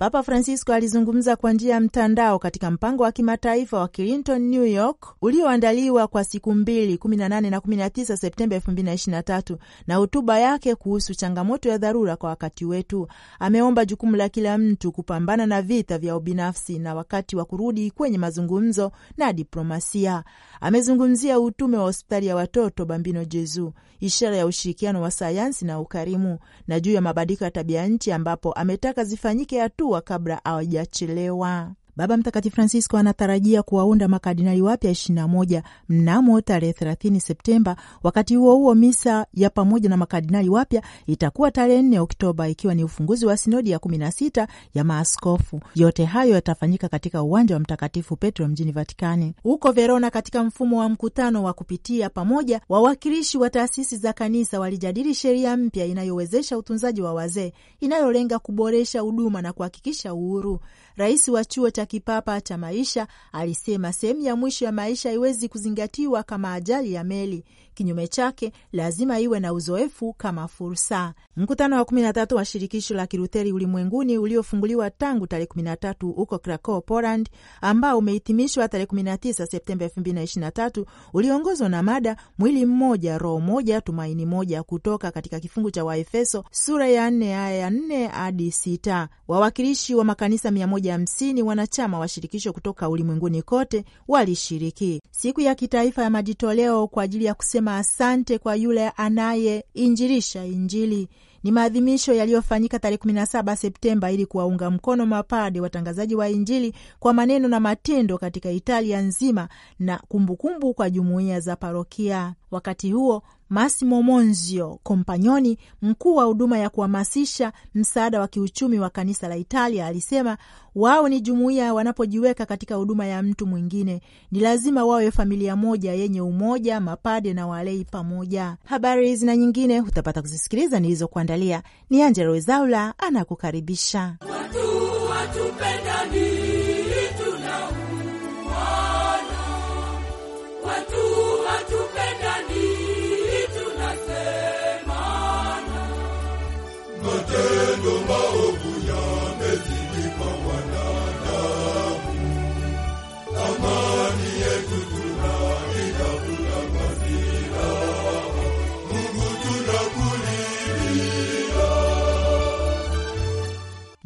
Papa Francisco alizungumza kwa njia ya mtandao katika mpango wa kimataifa wa Clinton New York ulioandaliwa kwa siku mbili 18 na 19 Septemba 2023 na hotuba yake kuhusu changamoto ya dharura kwa wakati wetu, ameomba jukumu la kila mtu kupambana na vita vya ubinafsi na wakati wa kurudi kwenye mazungumzo na diplomasia. Amezungumzia utume wa hospitali ya watoto Bambino Jezu, ishara ya ushirikiano wa sayansi na ukarimu, na juu ya mabadiliko ya tabia nchi, ambapo ametaka zifanyike hatua hatua kabla hawajachelewa. Baba Mtakatifu Francisco anatarajia kuwaunda makardinali wapya 21 mnamo tarehe 30 Septemba. Wakati huo huo, misa ya pamoja na makardinali wapya itakuwa tarehe 4 Oktoba, ikiwa ni ufunguzi wa sinodi ya 16 ya maaskofu. Yote hayo yatafanyika katika uwanja wa Mtakatifu Petro mjini Vatikani. Huko Verona, katika mfumo wa mkutano wa kupitia pamoja, wawakilishi wa taasisi za kanisa walijadili sheria mpya inayowezesha utunzaji wa wazee, inayolenga kuboresha huduma na kuhakikisha uhuru Rais wa chuo cha kipapa cha maisha alisema sehemu ya mwisho ya maisha haiwezi kuzingatiwa kama ajali ya meli. Kinyume chake, lazima iwe na uzoefu kama fursa. Mkutano wa 13 wa shirikisho la Kilutheri ulimwenguni uliofunguliwa tangu tarehe 13 huko Krakow, Poland, ambao umehitimishwa tarehe 19 Septemba 2023 uliongozwa na mada mwili mmoja, roho moja, tumaini moja, kutoka katika kifungu cha Waefeso sura ya 4 aya ya 4 hadi 6. Wawakilishi wa makanisa 150 wanachama wa shirikisho kutoka ulimwenguni kote walishiriki siku ya kitaifa ya majitoleo kwa ajili ya kusema kusema asante kwa yule anayeinjilisha Injili. Ni maadhimisho yaliyofanyika tarehe 17 Septemba ili kuwaunga mkono mapade watangazaji wa Injili kwa maneno na matendo katika Italia nzima na kumbukumbu kumbu kwa jumuiya za parokia Wakati huo Massimo Monzio Kompanyoni, mkuu wa huduma ya kuhamasisha msaada wa kiuchumi wa kanisa la Italia, alisema wao ni jumuiya. Wanapojiweka katika huduma ya mtu mwingine, ni lazima wawe familia moja yenye umoja, mapade na walei pamoja. Habari hizi na nyingine hutapata kuzisikiliza nilizokuandalia. Ni Angela Wezaula anakukaribisha watu, watu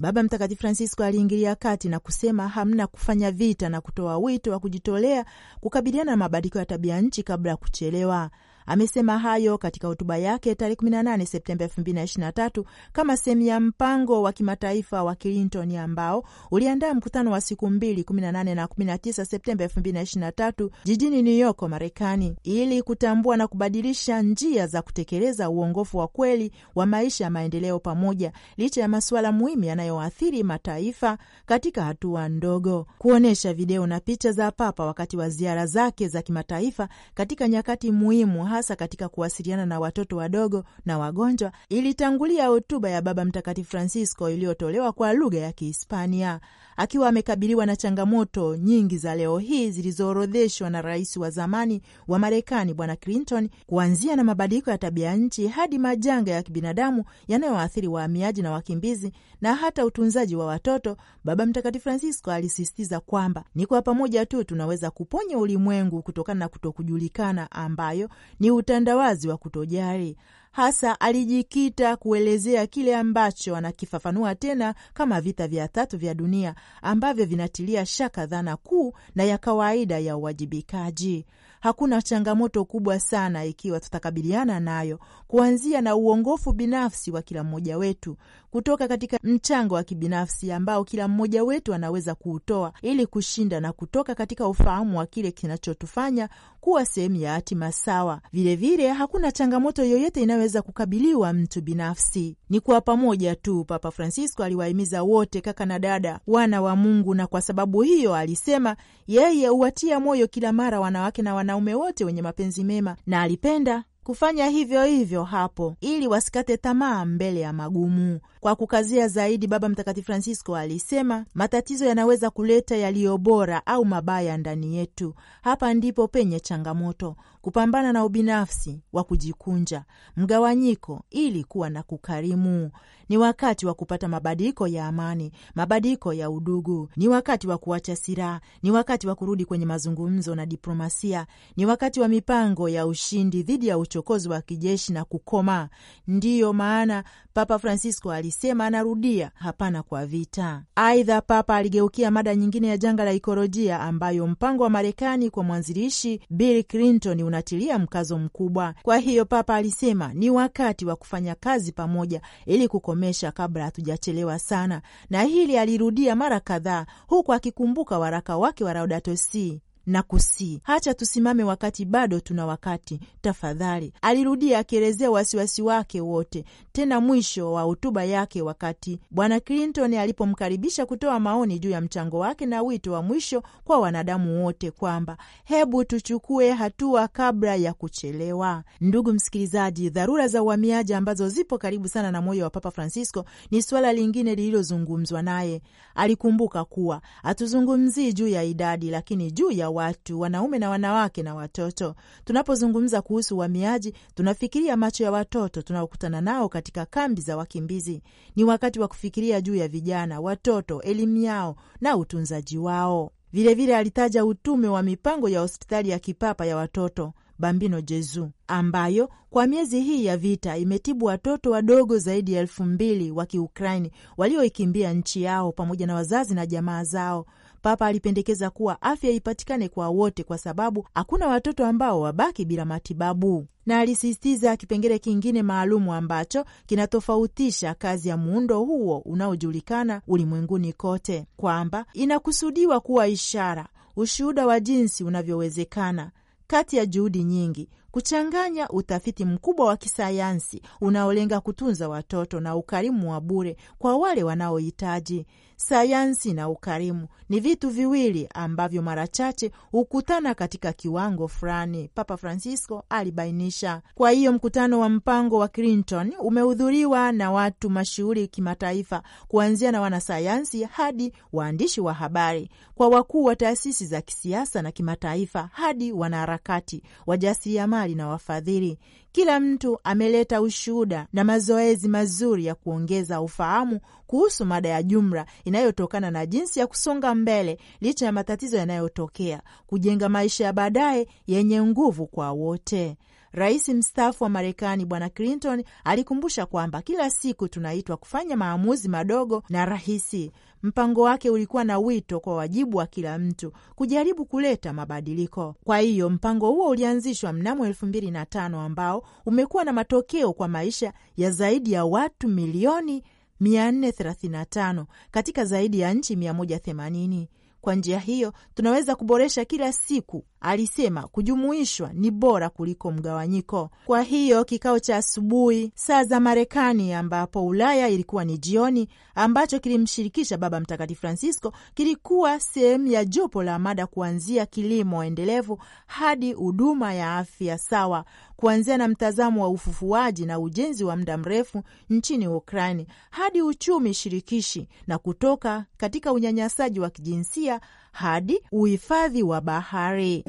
Baba Mtakatifu Francisco aliingilia kati na kusema hamna kufanya vita na kutoa wito wa kujitolea kukabiliana na mabadiliko ya tabia nchi kabla ya kuchelewa. Amesema hayo katika hotuba yake tarehe 18 Septemba 2023 kama sehemu ya mpango wa kimataifa wa Clinton ambao uliandaa mkutano wa siku mbili 18 na 19 Septemba 2023 jijini New York, Marekani, ili kutambua na kubadilisha njia za kutekeleza uongofu wa kweli wa maisha ya maendeleo pamoja, licha ya masuala muhimu yanayoathiri mataifa katika hatua ndogo. Kuonyesha video na picha za Papa wakati wa ziara zake za kimataifa katika nyakati muhimu hasa katika kuwasiliana na watoto wadogo na wagonjwa, ilitangulia hotuba ya Baba Mtakatifu Francisco iliyotolewa kwa lugha ya Kihispania akiwa amekabiliwa na changamoto nyingi za leo hii zilizoorodheshwa na rais wa zamani wa Marekani Bwana Clinton, kuanzia na mabadiliko ya tabia nchi hadi majanga ya kibinadamu yanayoathiri wahamiaji na wakimbizi na hata utunzaji wa watoto. Baba Mtakatifu Francisco alisisitiza kwamba ni kwa pamoja tu tunaweza kuponya ulimwengu kutokana na kutokujulikana ambayo ni utandawazi wa kutojali hasa alijikita kuelezea kile ambacho anakifafanua tena kama vita vya tatu vya dunia ambavyo vinatilia shaka dhana kuu na ya kawaida ya uwajibikaji. Hakuna changamoto kubwa sana ikiwa tutakabiliana nayo, kuanzia na uongofu binafsi wa kila mmoja wetu, kutoka katika mchango wa kibinafsi ambao kila mmoja wetu anaweza kuutoa ili kushinda na kutoka katika ufahamu wa kile kinachotufanya kuwa sehemu ya hatima sawa. Vilevile, hakuna changamoto yoyote inayoweza kukabiliwa mtu binafsi, ni kwa pamoja tu. Papa Francisco aliwahimiza wote, kaka na dada, wana wa Mungu, na kwa sababu hiyo alisema yeye huwatia moyo kila mara wanawake na wanaume wote wenye mapenzi mema, na alipenda kufanya hivyo hivyo hapo ili wasikate tamaa mbele ya magumu. Kwa kukazia zaidi, Baba Mtakatifu Francisco alisema matatizo yanaweza kuleta yaliyo bora au mabaya ndani yetu. Hapa ndipo penye changamoto: kupambana na ubinafsi wa kujikunja, mgawanyiko, ili kuwa na kukarimu. Ni wakati wa kupata mabadiliko ya amani, mabadiliko ya udugu. Ni wakati wa kuacha silaha, ni wakati wa kurudi kwenye mazungumzo na diplomasia, ni wakati wa mipango ya ushindi dhidi ya uchokozi wa kijeshi na kukoma. Ndiyo maana Papa Francisco alisema anarudia hapana kwa vita. Aidha, Papa aligeukia mada nyingine ya janga la ikolojia ambayo mpango wa Marekani kwa mwanzilishi Bill Clinton unatilia mkazo mkubwa. Kwa hiyo Papa alisema ni wakati wa kufanya kazi pamoja ili kukomesha kabla hatujachelewa sana, na hili alirudia mara kadhaa, huku akikumbuka waraka wake wa Laudato Si na kusii, hacha tusimame wakati bado tuna wakati, tafadhali, alirudia akielezea wasiwasi wake wote. Tena mwisho wa hotuba yake, wakati Bwana Clinton alipomkaribisha kutoa maoni juu ya mchango wake na wito wa mwisho kwa wanadamu wote, kwamba hebu tuchukue hatua kabla ya kuchelewa. Ndugu msikilizaji, dharura za uhamiaji ambazo zipo karibu sana na moyo wa Papa Francisco ni suala lingine lililozungumzwa naye. Alikumbuka kuwa hatuzungumzii juu ya idadi, lakini juu ya watu, wanaume na wanawake na watoto. Tunapozungumza kuhusu uhamiaji, tunafikiria macho ya watoto tunaokutana nao katika kambi za wakimbizi. Ni wakati wa kufikiria juu ya vijana, watoto, elimu yao na utunzaji wao. Vilevile vile alitaja utume wa mipango ya hospitali ya kipapa ya watoto Bambino Jezu ambayo kwa miezi hii ya vita imetibu watoto wadogo zaidi ya elfu mbili wa Kiukraini walioikimbia nchi yao pamoja na wazazi na jamaa zao. Papa alipendekeza kuwa afya ipatikane kwa wote, kwa sababu hakuna watoto ambao wabaki bila matibabu na alisisitiza kipengele kingine maalumu ambacho kinatofautisha kazi ya muundo huo unaojulikana ulimwenguni kote, kwamba inakusudiwa kuwa ishara, ushuhuda wa jinsi unavyowezekana kati ya juhudi nyingi kuchanganya utafiti mkubwa wa kisayansi unaolenga kutunza watoto na ukarimu wa bure kwa wale wanaohitaji. Sayansi na ukarimu ni vitu viwili ambavyo mara chache hukutana katika kiwango fulani, Papa Francisco alibainisha. Kwa hiyo mkutano wa mpango wa Clinton umehudhuriwa na watu mashuhuri kimataifa, kuanzia na wanasayansi hadi waandishi wa habari, kwa wakuu wa taasisi za kisiasa na kimataifa hadi wanaharakati, wajasiriamali serikali na wafadhili. Kila mtu ameleta ushuhuda na mazoezi mazuri ya kuongeza ufahamu kuhusu mada ya jumla inayotokana na jinsi ya kusonga mbele licha ya matatizo yanayotokea, kujenga maisha ya baadaye yenye nguvu kwa wote. Rais mstaafu wa Marekani Bwana Clinton alikumbusha kwamba kila siku tunaitwa kufanya maamuzi madogo na rahisi, Mpango wake ulikuwa na wito kwa wajibu wa kila mtu kujaribu kuleta mabadiliko. Kwa hiyo mpango huo ulianzishwa mnamo elfu mbili na tano ambao umekuwa na matokeo kwa maisha ya zaidi ya watu milioni 435 katika zaidi ya nchi 180. Kwa njia hiyo tunaweza kuboresha kila siku. Alisema kujumuishwa ni bora kuliko mgawanyiko. Kwa hiyo kikao cha asubuhi saa za Marekani, ambapo Ulaya ilikuwa ni jioni, ambacho kilimshirikisha Baba Mtakatifu Francisco kilikuwa sehemu ya jopo la mada kuanzia kilimo endelevu hadi huduma ya afya sawa, kuanzia na mtazamo wa ufufuaji na ujenzi wa muda mrefu nchini Ukraini hadi uchumi shirikishi na kutoka katika unyanyasaji wa kijinsia hadi uhifadhi wa bahari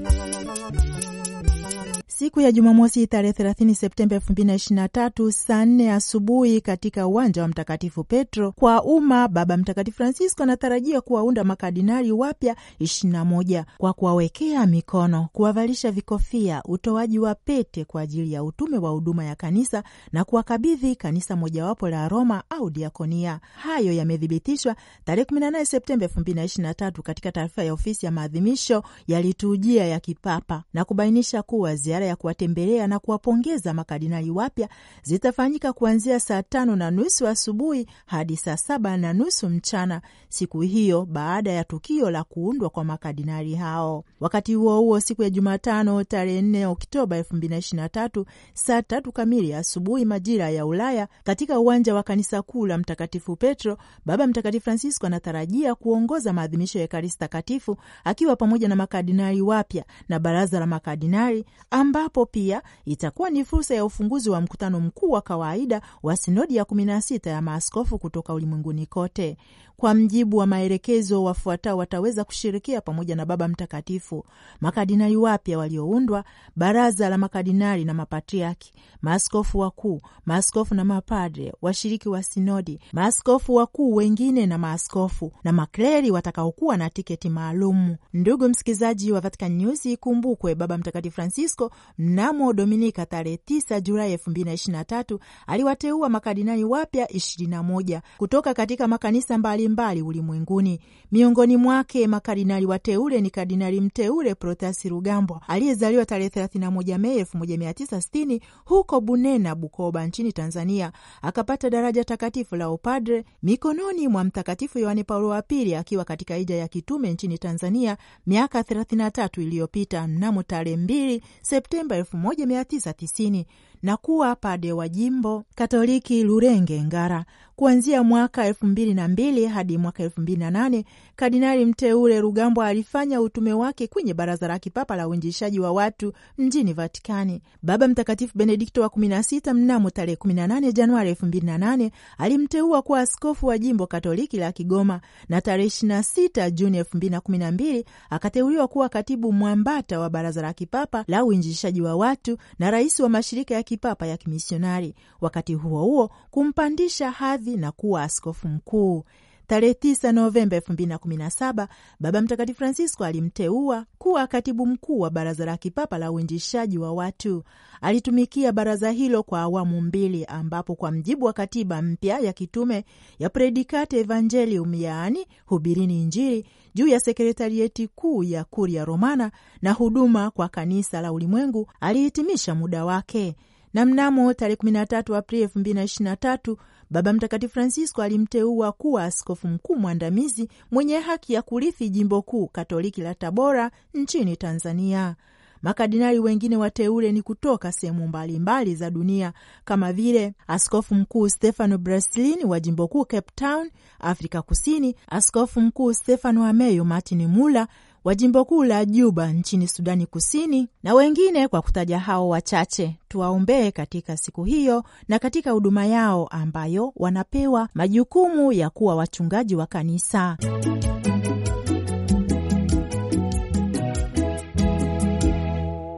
siku ya Jumamosi tarehe 30 Septemba 2023 saa 4 asubuhi katika uwanja wa Mtakatifu Petro kwa umma. Baba Mtakatifu Francisco anatarajia kuwaunda makardinali wapya 21 kwa kuwawekea mikono, kuwavalisha vikofia, utoaji wa pete kwa ajili ya utume wa huduma ya kanisa na kuwakabidhi kanisa mojawapo la Roma au diakonia. Hayo yamethibitishwa tarehe 18 Septemba 2023 katika taarifa ya ofisi ya maadhimisho ya liturujia ya kipapa na kubainisha kuwa ziara ziara ya kuwatembelea na kuwapongeza makardinali wapya zitafanyika kuanzia saa tano na nusu asubuhi hadi saa saba na nusu mchana siku hiyo, baada ya tukio la kuundwa kwa makardinali hao. Wakati huo huo, siku ya Jumatano tarehe 4 Oktoba 2023 saa tatu kamili asubuhi majira ya Ulaya, katika uwanja wa kanisa kuu la Mtakatifu Petro, Baba Mtakatifu Francisco anatarajia kuongoza maadhimisho ya Ekaristi Takatifu akiwa pamoja na makardinali wapya na baraza la makardinali ambapo pia itakuwa ni fursa ya ufunguzi wa mkutano mkuu wa kawaida wa sinodi ya 16 ya maaskofu kutoka ulimwenguni kote. Kwa mjibu wa maelekezo, wafuatao wataweza kushirikia pamoja na Baba Mtakatifu, makadinali wapya walioundwa, baraza la makadinali na mapatriaki, maaskofu wakuu, maaskofu na mapadre, washiriki wa sinodi, maaskofu wakuu wengine na maaskofu na makleri watakaokuwa na tiketi maalumu. Ndugu msikilizaji wa Vatican News, ikumbukwe Baba Mtakatifu Francisco mnamo Dominika tarehe 9 Julai 2023 aliwateua makadinali wapya 21 kutoka katika makanisa mbali mbalimbali ulimwenguni. Miongoni mwake makardinali wateule ni kardinali mteule Protasi Rugambwa aliyezaliwa tarehe 31 Mei 1960 huko Bunena, Bukoba nchini Tanzania, akapata daraja takatifu la upadre mikononi mwa Mtakatifu Yohane Paulo wa Pili akiwa katika hija ya kitume nchini Tanzania miaka 33 iliyopita mnamo tarehe 2 Septemba 1990 na kuwa pade wa jimbo Katoliki Lurenge Ngara kuanzia mwaka elfu mbili na mbili hadi mwaka elfu mbili na nane Kardinali mteule Rugambwa alifanya utume wake kwenye Baraza la Kipapa la uinjiishaji wa Watu mjini Vatikani. Baba Mtakatifu Benedikto wa sita mnamo tarehe 18 Januari nane alimteua kuwa askofu wa jimbo Katoliki la Kigoma, na tarehe sita Juni mbili akateuliwa kuwa katibu mwambata wa Baraza la Kipapa la uinjiishaji wa Watu na rais wa mashirika ya kipapa ya kimisionari, wakati huo huo kumpandisha hadhi na kuwa askofu mkuu. Tarehe 9 Novemba 2017 Baba Mtakatifu Francisco alimteua kuwa katibu mkuu wa Baraza la Kipapa la Uinjishaji wa Watu. Alitumikia baraza hilo kwa awamu mbili, ambapo kwa mjibu wa katiba mpya ya kitume ya Predikate Evangelium, yaani hubirini Injili, juu ya sekretarieti kuu ya Kuria Romana na huduma kwa kanisa la ulimwengu, alihitimisha muda wake na mnamo tarehe 13 Aprili 2023 Baba Mtakatifu Francisco alimteua kuwa askofu mkuu mwandamizi mwenye haki ya kurithi jimbo kuu katoliki la Tabora nchini Tanzania. Makardinali wengine wateule ni kutoka sehemu mbalimbali za dunia kama vile askofu mkuu Stefano Braslin wa jimbo kuu Cape Town, Afrika Kusini, askofu mkuu Stefano Ameyo Martin Mula wa jimbo kuu la Juba nchini Sudani Kusini na wengine, kwa kutaja hao wachache, tuwaombee katika siku hiyo na katika huduma yao ambayo wanapewa majukumu ya kuwa wachungaji wa kanisa.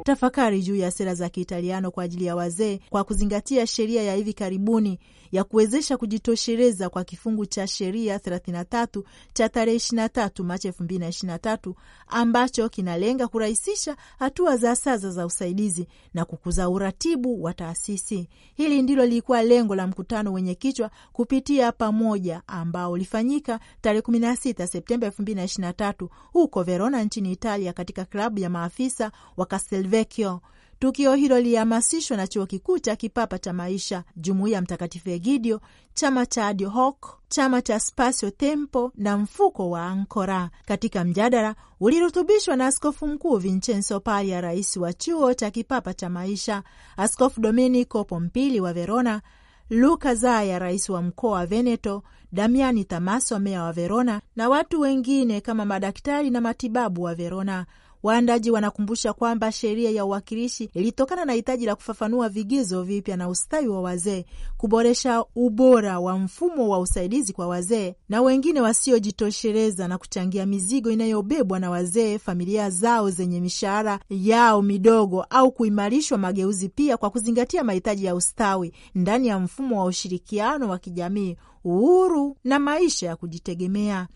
Tafakari juu ya sera za Kiitaliano kwa ajili ya wazee kwa kuzingatia sheria ya hivi karibuni ya kuwezesha kujitosheleza kwa kifungu cha sheria 33 cha tarehe 23 Machi 2023 ambacho kinalenga kurahisisha hatua za sasa za usaidizi na kukuza uratibu wa taasisi. Hili ndilo lilikuwa lengo la mkutano wenye kichwa kupitia pamoja ambao ulifanyika tarehe 16 Septemba 2023 huko Verona nchini Italia katika klabu ya maafisa wa Castelvecchio Tukio hilo lilihamasishwa na chuo kikuu cha kipapa cha maisha, jumuiya ya Mtakatifu Egidio, chama cha Hoc, chama cha Spasio Tempo na mfuko wa Ankora. Katika mjadala ulirutubishwa na askofu mkuu Vincenzo Paglia, rais wa chuo cha kipapa cha maisha, askofu Domenico Pompili wa Verona, Luka Zaya, rais wa mkoa wa Veneto, Damiani Tamaso, meya wa Verona, na watu wengine kama madaktari na matibabu wa Verona. Waandaji wanakumbusha kwamba sheria ya uwakilishi ilitokana na hitaji la kufafanua vigezo vipya na ustawi wa wazee, kuboresha ubora wa mfumo wa usaidizi kwa wazee na wengine wasiojitosheleza, na kuchangia mizigo inayobebwa na wazee, familia zao zenye mishahara yao midogo, au kuimarishwa mageuzi pia kwa kuzingatia mahitaji ya ustawi ndani ya mfumo wa ushirikiano wa kijamii, uhuru na maisha ya kujitegemea.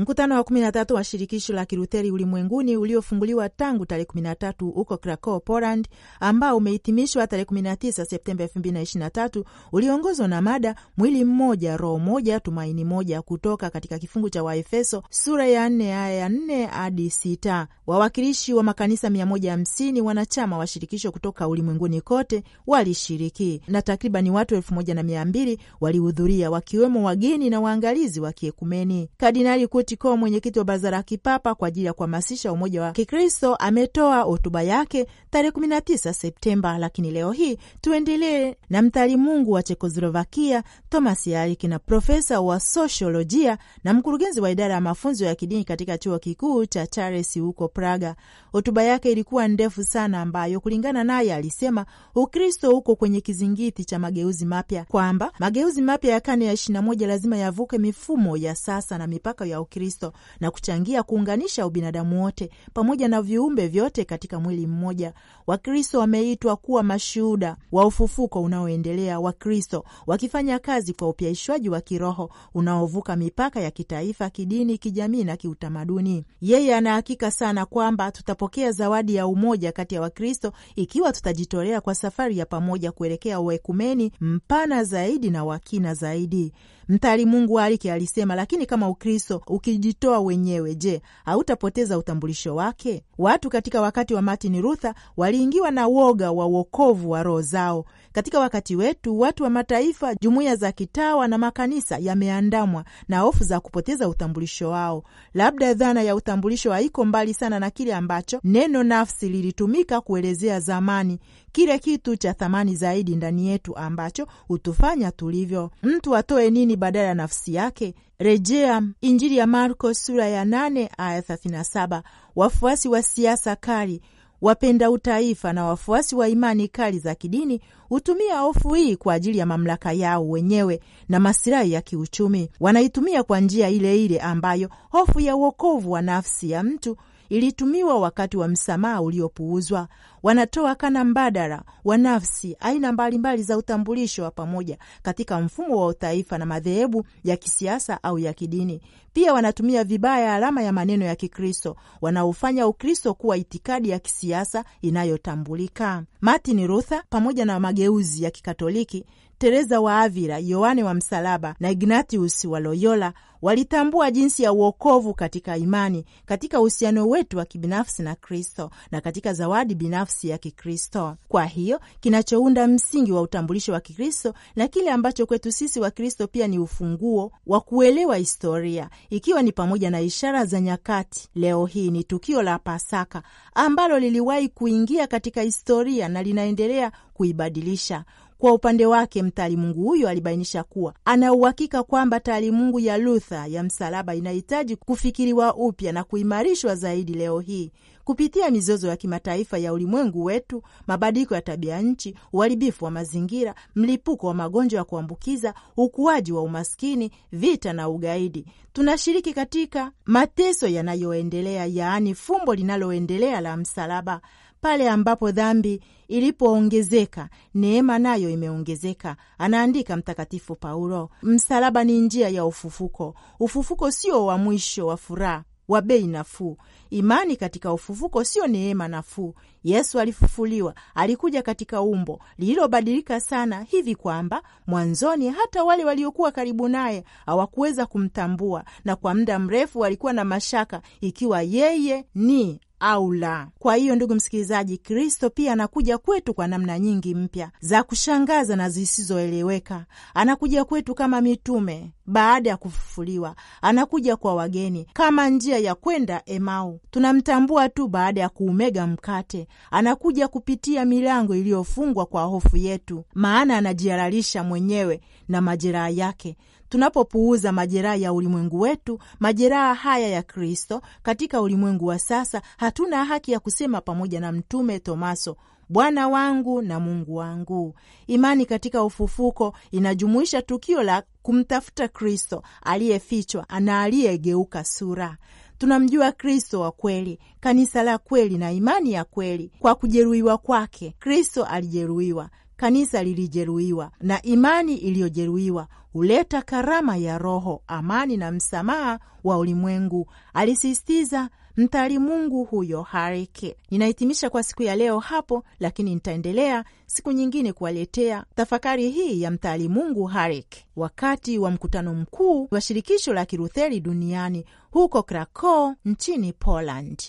Mkutano wa 13 wa shirikisho la Kilutheri ulimwenguni uliofunguliwa tangu tarehe 13 huko Krakow, Poland, ambao umehitimishwa tarehe 19 Septemba 2023 uliongozwa na mada mwili mmoja, roho moja, tumaini moja, kutoka katika kifungu cha Waefeso sura ya 4 aya ya 4 hadi 6. Wawakilishi wa makanisa 150 wanachama wa shirikisho kutoka ulimwenguni kote walishiriki na takribani watu 1200 walihudhuria, wakiwemo wageni na waangalizi wa kiekumeni. Kardinali Tikuwa mwenyekiti wa baraza la kipapa kwa ajili ya kuhamasisha umoja wa Kikristo ametoa hotuba yake tarehe 19 Septemba, lakini leo hii tuendelee na mtali mungu wa Chekoslovakia Thomas Yarik na profesa wa sosiolojia na mkurugenzi wa idara ya mafunzo ya kidini katika chuo kikuu cha Charles huko Praga. Hotuba yake ilikuwa ndefu sana, ambayo kulingana naye alisema Ukristo uko kwenye kizingiti cha mageuzi mapya, kwamba mageuzi mapya ya karne ya 21 lazima yavuke mifumo ya sasa na mipaka ya Ukristo Kristo na kuchangia kuunganisha ubinadamu wote pamoja na viumbe vyote katika mwili mmoja. Wakristo wameitwa kuwa mashuhuda wa ufufuko unaoendelea wa Kristo, wakifanya kazi kwa upyaishwaji wa kiroho unaovuka mipaka ya kitaifa, kidini, kijamii na kiutamaduni. Yeye anahakika sana kwamba tutapokea zawadi ya umoja kati ya Wakristo ikiwa tutajitolea kwa safari ya pamoja kuelekea uekumeni mpana zaidi na wakina zaidi. Mtali Mungu Alike alisema, lakini kama Ukristo ukijitoa wenyewe, je, hautapoteza utambulisho wake? Watu katika wakati wa Martin Luther waliingiwa na woga wa uokovu wa roho zao katika wakati wetu, watu wa mataifa, jumuiya za kitawa na makanisa yameandamwa na hofu za kupoteza utambulisho wao. Labda dhana ya utambulisho haiko mbali sana na kile ambacho neno nafsi lilitumika kuelezea zamani, kile kitu cha thamani zaidi ndani yetu ambacho hutufanya tulivyo. Mtu atoe nini badala ya nafsi yake? Rejea Injili ya Marko sura ya 8 aya 37. Wafuasi wa siasa kali Wapenda utaifa na wafuasi wa imani kali za kidini hutumia hofu hii kwa ajili ya mamlaka yao wenyewe na masilahi ya kiuchumi. Wanaitumia kwa njia ile ile ambayo hofu ya uokovu wa nafsi ya mtu ilitumiwa wakati wa msamaha uliopuuzwa. Wanatoa kana mbadala wa nafsi, aina mbalimbali za utambulisho wa pamoja katika mfumo wa utaifa na madhehebu ya kisiasa au ya kidini. Pia wanatumia vibaya alama ya maneno ya Kikristo, wanaofanya Ukristo kuwa itikadi ya kisiasa inayotambulika. Martin Luther pamoja na mageuzi ya Kikatoliki Teresa wa Avila, Yohane wa Msalaba na Ignatius wa Loyola walitambua jinsi ya uokovu katika imani, katika uhusiano wetu wa kibinafsi na Kristo na katika zawadi binafsi ya Kikristo. Kwa hiyo kinachounda msingi wa utambulisho wa Kikristo na kile ambacho kwetu sisi Wakristo pia ni ufunguo wa kuelewa historia, ikiwa ni pamoja na ishara za nyakati. Leo hii ni tukio la Pasaka ambalo liliwahi kuingia katika historia na linaendelea kuibadilisha. Kwa upande wake mtaalimungu huyo alibainisha kuwa ana uhakika kwamba taalimungu ya Luther ya msalaba inahitaji kufikiriwa upya na kuimarishwa zaidi leo hii kupitia mizozo ya kimataifa ya ulimwengu wetu, mabadiliko ya tabia nchi, uharibifu wa mazingira, mlipuko wa magonjwa ya kuambukiza, ukuaji wa umaskini, vita na ugaidi. Tunashiriki katika mateso yanayoendelea, yaani fumbo linaloendelea la msalaba, pale ambapo dhambi ilipoongezeka neema nayo imeongezeka. Anaandika Mtakatifu Paulo, msalaba ni njia ya ufufuko. Ufufuko sio wa mwisho wa furaha wa bei nafuu. Imani katika ufufuko sio neema nafuu. Yesu alifufuliwa, alikuja katika umbo lililobadilika sana hivi kwamba mwanzoni hata wale waliokuwa karibu naye hawakuweza kumtambua, na kwa muda mrefu walikuwa na mashaka ikiwa yeye ni au la. Kwa hiyo ndugu msikilizaji, Kristo pia anakuja kwetu kwa namna nyingi mpya za kushangaza na zisizoeleweka. Anakuja kwetu kama mitume baada ya kufufuliwa, anakuja kwa wageni kama njia ya kwenda Emau. Tunamtambua tu baada ya kuumega mkate. Anakuja kupitia milango iliyofungwa kwa hofu yetu, maana anajihalalisha mwenyewe na majeraha yake tunapopuuza majeraha ya ulimwengu wetu, majeraha haya ya Kristo katika ulimwengu wa sasa, hatuna haki ya kusema pamoja na Mtume Tomaso, Bwana wangu na Mungu wangu. Imani katika ufufuko inajumuisha tukio la kumtafuta Kristo aliyefichwa na aliyegeuka sura. Tunamjua Kristo wa kweli, kanisa la kweli na imani ya kweli. Kwa kujeruhiwa kwake Kristo alijeruhiwa kanisa lilijeruhiwa, na imani iliyojeruhiwa huleta karama ya Roho, amani na msamaha wa ulimwengu, alisisitiza mtali Mungu huyo Harike. Ninahitimisha kwa siku ya leo hapo, lakini nitaendelea siku nyingine kuwaletea tafakari hii ya mtali Mungu Harike wakati wa mkutano mkuu wa shirikisho la kirutheri duniani huko Krakow nchini Poland.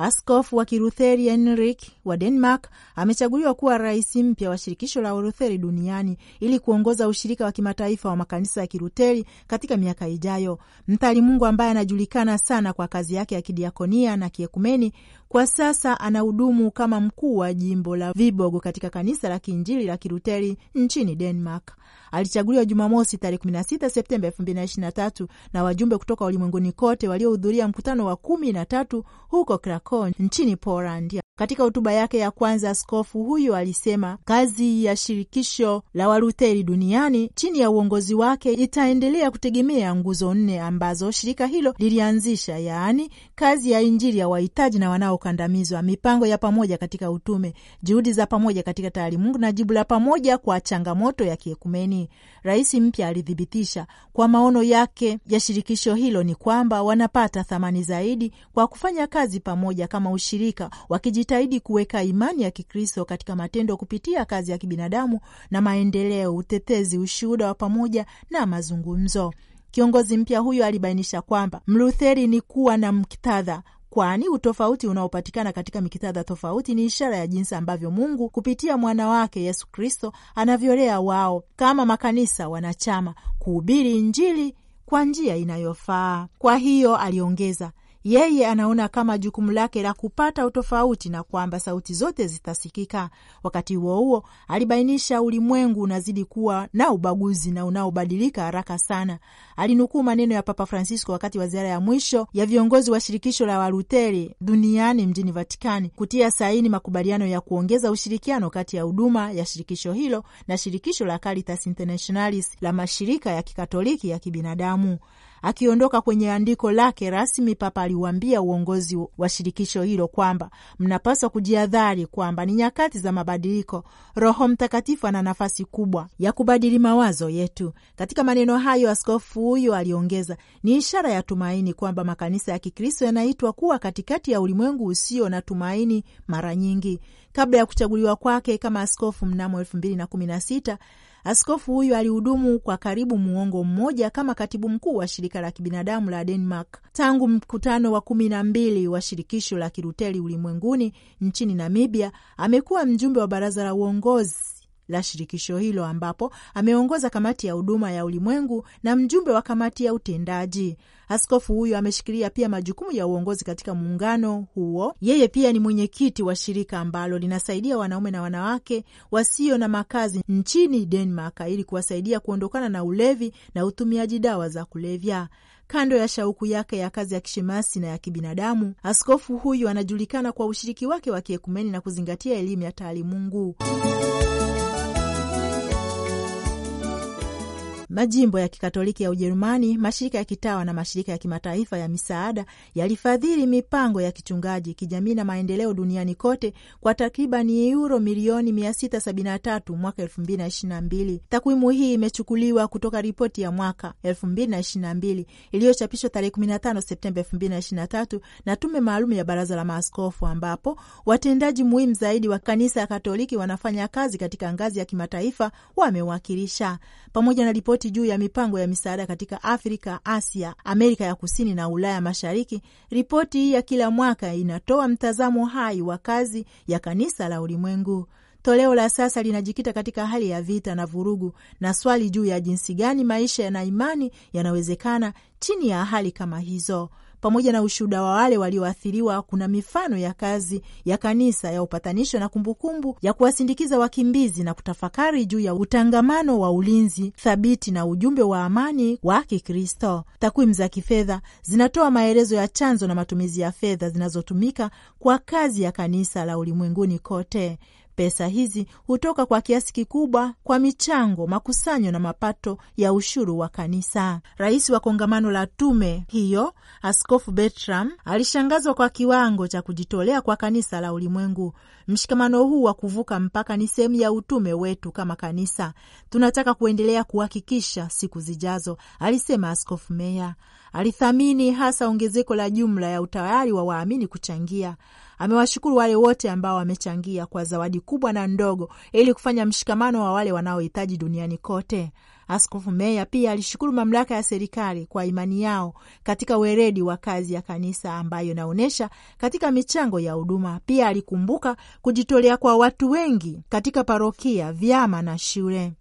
Askof wa kirutheri Henrik wa Denmark amechaguliwa kuwa rais mpya wa shirikisho la Walutheri duniani ili kuongoza ushirika wa kimataifa wa makanisa ya kiruteri katika miaka ijayo. mungu ambaye anajulikana sana kwa kazi yake ya kidiakonia na kiekumeni kwa sasa anahudumu kama mkuu wa jimbo la Viborg katika kanisa la Kiinjili la Kiruteri nchini Denmark. Alichaguliwa Jumamosi tarehe 16 Septemba 2023 na wajumbe kutoka ulimwenguni kote waliohudhuria mkutano wa kumi na tatu huko Krakow nchini Poland. Katika hotuba yake ya kwanza, askofu huyo alisema kazi ya shirikisho la waruteri duniani chini ya uongozi wake itaendelea kutegemea nguzo nne ambazo shirika hilo lilianzisha, yaani kazi ya Injili ya wahitaji na wanao ukandamizwa, mipango ya pamoja katika utume, juhudi za pamoja katika taalimungu na jibu la pamoja kwa changamoto ya kiekumeni. Rais mpya alithibitisha kwa maono yake ya shirikisho hilo ni kwamba wanapata thamani zaidi kwa kufanya kazi pamoja kama ushirika, wakijitahidi kuweka imani ya Kikristo katika matendo kupitia kazi ya kibinadamu na maendeleo, utetezi, ushuhuda wa pamoja na mazungumzo. Kiongozi mpya huyo alibainisha kwamba Mlutheri ni kuwa na mktadha kwani utofauti unaopatikana katika mikitadha tofauti ni ishara ya jinsi ambavyo Mungu kupitia mwana wake Yesu Kristo anavyolea wao kama makanisa wanachama kuhubiri Injili kwa njia inayofaa. Kwa hiyo aliongeza yeye anaona kama jukumu lake la kupata utofauti na kwamba sauti zote zitasikika. Wakati huo huo, alibainisha ulimwengu unazidi kuwa na ubaguzi na unaobadilika haraka sana. Alinukuu maneno ya Papa Francisco wakati wa ziara ya mwisho ya viongozi wa shirikisho la Waluteri duniani mjini Vatikani kutia saini makubaliano ya kuongeza ushirikiano kati ya huduma ya shirikisho hilo na shirikisho la Caritas Internationalis la mashirika ya kikatoliki ya kibinadamu. Akiondoka kwenye andiko lake rasmi, Papa aliwaambia uongozi wa shirikisho hilo kwamba mnapaswa kujiadhari kwamba ni nyakati za mabadiliko. Roho Mtakatifu ana nafasi kubwa ya kubadili mawazo yetu. Katika maneno hayo, askofu huyo aliongeza, ni ishara ya tumaini kwamba makanisa ya Kikristo yanaitwa kuwa katikati ya ulimwengu usio na tumaini mara nyingi. Kabla ya kuchaguliwa kwake kama askofu mnamo elfu mbili na kumi na sita Askofu huyu alihudumu kwa karibu muongo mmoja kama katibu mkuu wa shirika la kibinadamu la Denmark tangu mkutano wa kumi na mbili wa shirikisho la kiruteli ulimwenguni nchini Namibia. Amekuwa mjumbe wa baraza la uongozi la shirikisho hilo ambapo ameongoza kamati ya huduma ya ulimwengu na mjumbe wa kamati ya utendaji. Askofu huyo ameshikilia pia majukumu ya uongozi katika muungano huo. Yeye pia ni mwenyekiti wa shirika ambalo linasaidia wanaume na wanawake wasio na makazi nchini Denmark ili kuwasaidia kuondokana na ulevi na utumiaji dawa za kulevya. Kando ya shauku yake ya kazi ya kishemasi na ya kibinadamu, askofu huyu anajulikana kwa ushiriki wake wa kiekumeni na kuzingatia elimu ya taalimungu. Majimbo ya Kikatoliki ya Ujerumani, mashirika ya kitawa na mashirika ya kimataifa ya misaada yalifadhili mipango ya kichungaji, kijamii na maendeleo duniani kote kwa takriban euro milioni 673 mwaka 2022. Takwimu hii imechukuliwa kutoka ripoti ya mwaka 2022 iliyochapishwa tarehe 15 Septemba 2023 na tume maalum ya Baraza la Maaskofu, ambapo watendaji muhimu zaidi wa kanisa ya Katoliki wanafanya kazi katika ngazi ya kimataifa wamewakilisha pamoja na ripoti ripoti juu ya mipango ya misaada katika Afrika, Asia, Amerika ya Kusini na Ulaya Mashariki. Ripoti hii ya kila mwaka inatoa mtazamo hai wa kazi ya Kanisa la Ulimwengu. Toleo la sasa linajikita katika hali ya vita na vurugu na swali juu ya jinsi gani maisha na imani yanawezekana chini ya hali kama hizo. Pamoja na ushuhuda wa wale walioathiriwa, kuna mifano ya kazi ya kanisa ya upatanisho na kumbukumbu ya kuwasindikiza wakimbizi na kutafakari juu ya utangamano wa ulinzi thabiti na ujumbe wa amani wa Kikristo. Takwimu za kifedha zinatoa maelezo ya chanzo na matumizi ya fedha zinazotumika kwa kazi ya kanisa la ulimwenguni kote. Pesa hizi hutoka kwa kiasi kikubwa kwa michango, makusanyo na mapato ya ushuru wa kanisa. Rais wa kongamano la tume hiyo, Askofu Bertram, alishangazwa kwa kiwango cha kujitolea kwa kanisa la ulimwengu. Mshikamano huu wa kuvuka mpaka ni sehemu ya utume wetu kama kanisa. Tunataka kuendelea kuhakikisha siku zijazo, alisema Askofu Meya. Alithamini hasa ongezeko la jumla ya utayari wa waamini kuchangia. Amewashukuru wale wote ambao wamechangia kwa zawadi kubwa na ndogo, ili kufanya mshikamano wa wale wanaohitaji duniani kote. Askofu Meya pia alishukuru mamlaka ya serikali kwa imani yao katika weredi wa kazi ya kanisa ambayo inaonyesha katika michango ya huduma. Pia alikumbuka kujitolea kwa watu wengi katika parokia, vyama na shule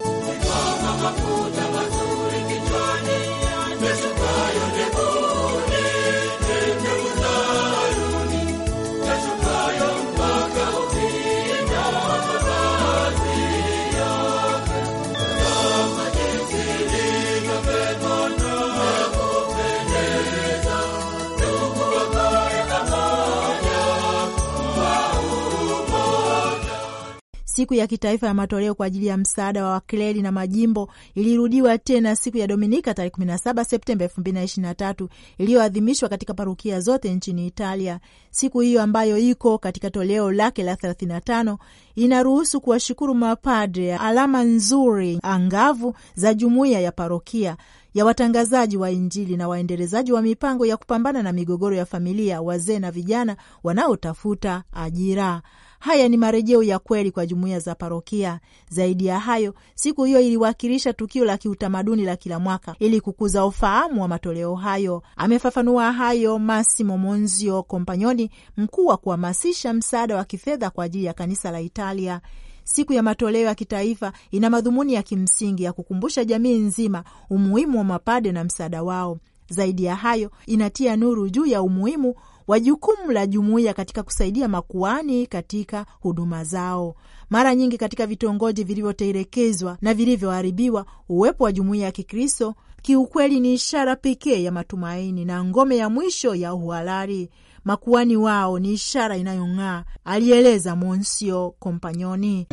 siku ya kitaifa ya matoleo kwa ajili ya msaada wa wakleli na majimbo ilirudiwa tena siku ya Dominika tarehe 17 Septemba 2023 iliyoadhimishwa katika parukia zote nchini Italia. Siku hiyo ambayo iko katika toleo lake la 35 inaruhusu kuwashukuru mapadre, alama nzuri angavu za jumuiya ya parokia ya watangazaji wa Injili na waendelezaji wa mipango ya kupambana na migogoro ya familia, wazee na vijana wanaotafuta ajira. Haya ni marejeo ya kweli kwa jumuiya za parokia. Zaidi ya hayo, siku hiyo iliwakilisha tukio la kiutamaduni la kila mwaka ili kukuza ufahamu wa matoleo hayo. Amefafanua hayo Massimo Monzio Kompanyoni, mkuu wa kuhamasisha msaada wa kifedha kwa ajili ya kanisa la Italia. Siku ya matoleo ya kitaifa ina madhumuni ya kimsingi ya kukumbusha jamii nzima umuhimu wa mapade na msaada wao. Zaidi ya hayo, inatia nuru juu ya umuhimu wa jukumu la jumuiya katika kusaidia makuani katika huduma zao. Mara nyingi katika vitongoji vilivyotelekezwa na vilivyoharibiwa, uwepo wa jumuiya ya Kikristo kiukweli ni ishara pekee ya matumaini na ngome ya mwisho ya uhalali. Makuani wao ni ishara inayong'aa, alieleza Monsio Kompanyoni.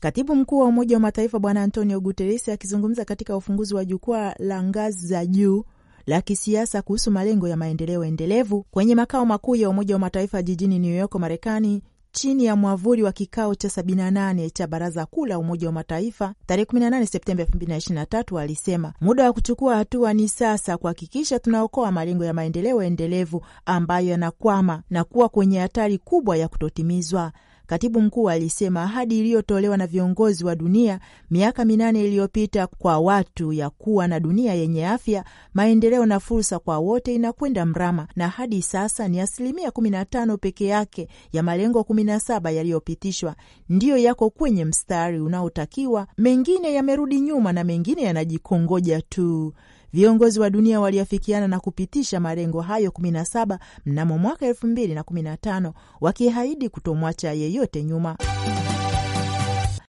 Katibu mkuu wa Umoja wa Mataifa Bwana Antonio Guterres akizungumza katika ufunguzi wa jukwaa la ngazi za juu la kisiasa kuhusu malengo ya maendeleo endelevu kwenye makao makuu ya Umoja wa Mataifa jijini New York, Marekani, chini ya mwavuli wa kikao cha 78 cha Baraza Kuu la Umoja wa Mataifa tarehe 18 Septemba 2023 alisema muda wa kuchukua hatua ni sasa, kuhakikisha tunaokoa malengo ya maendeleo endelevu ambayo yanakwama na kuwa kwenye hatari kubwa ya kutotimizwa. Katibu mkuu alisema ahadi iliyotolewa na viongozi wa dunia miaka minane iliyopita kwa watu ya kuwa na dunia yenye afya, maendeleo na fursa kwa wote inakwenda mrama, na hadi sasa ni asilimia kumi na tano peke yake ya malengo kumi na saba yaliyopitishwa ndiyo yako kwenye mstari unaotakiwa, mengine yamerudi nyuma na mengine yanajikongoja tu. Viongozi wa dunia waliafikiana na kupitisha malengo hayo 17 mnamo mwaka 2015 wakiahidi kutomwacha yeyote nyuma.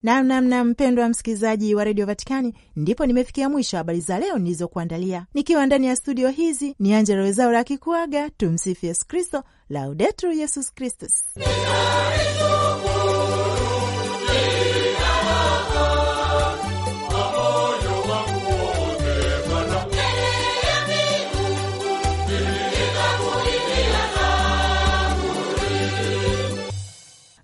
Namnamna mpendwa wa msikilizaji wa redio Vatikani, ndipo nimefikia mwisho habari za leo nilizokuandalia nikiwa ndani ya studio hizi. Ni Angela Wezaura akikuaga. Tumsifu Yesu Kristo, Laudetur Yesus Kristus.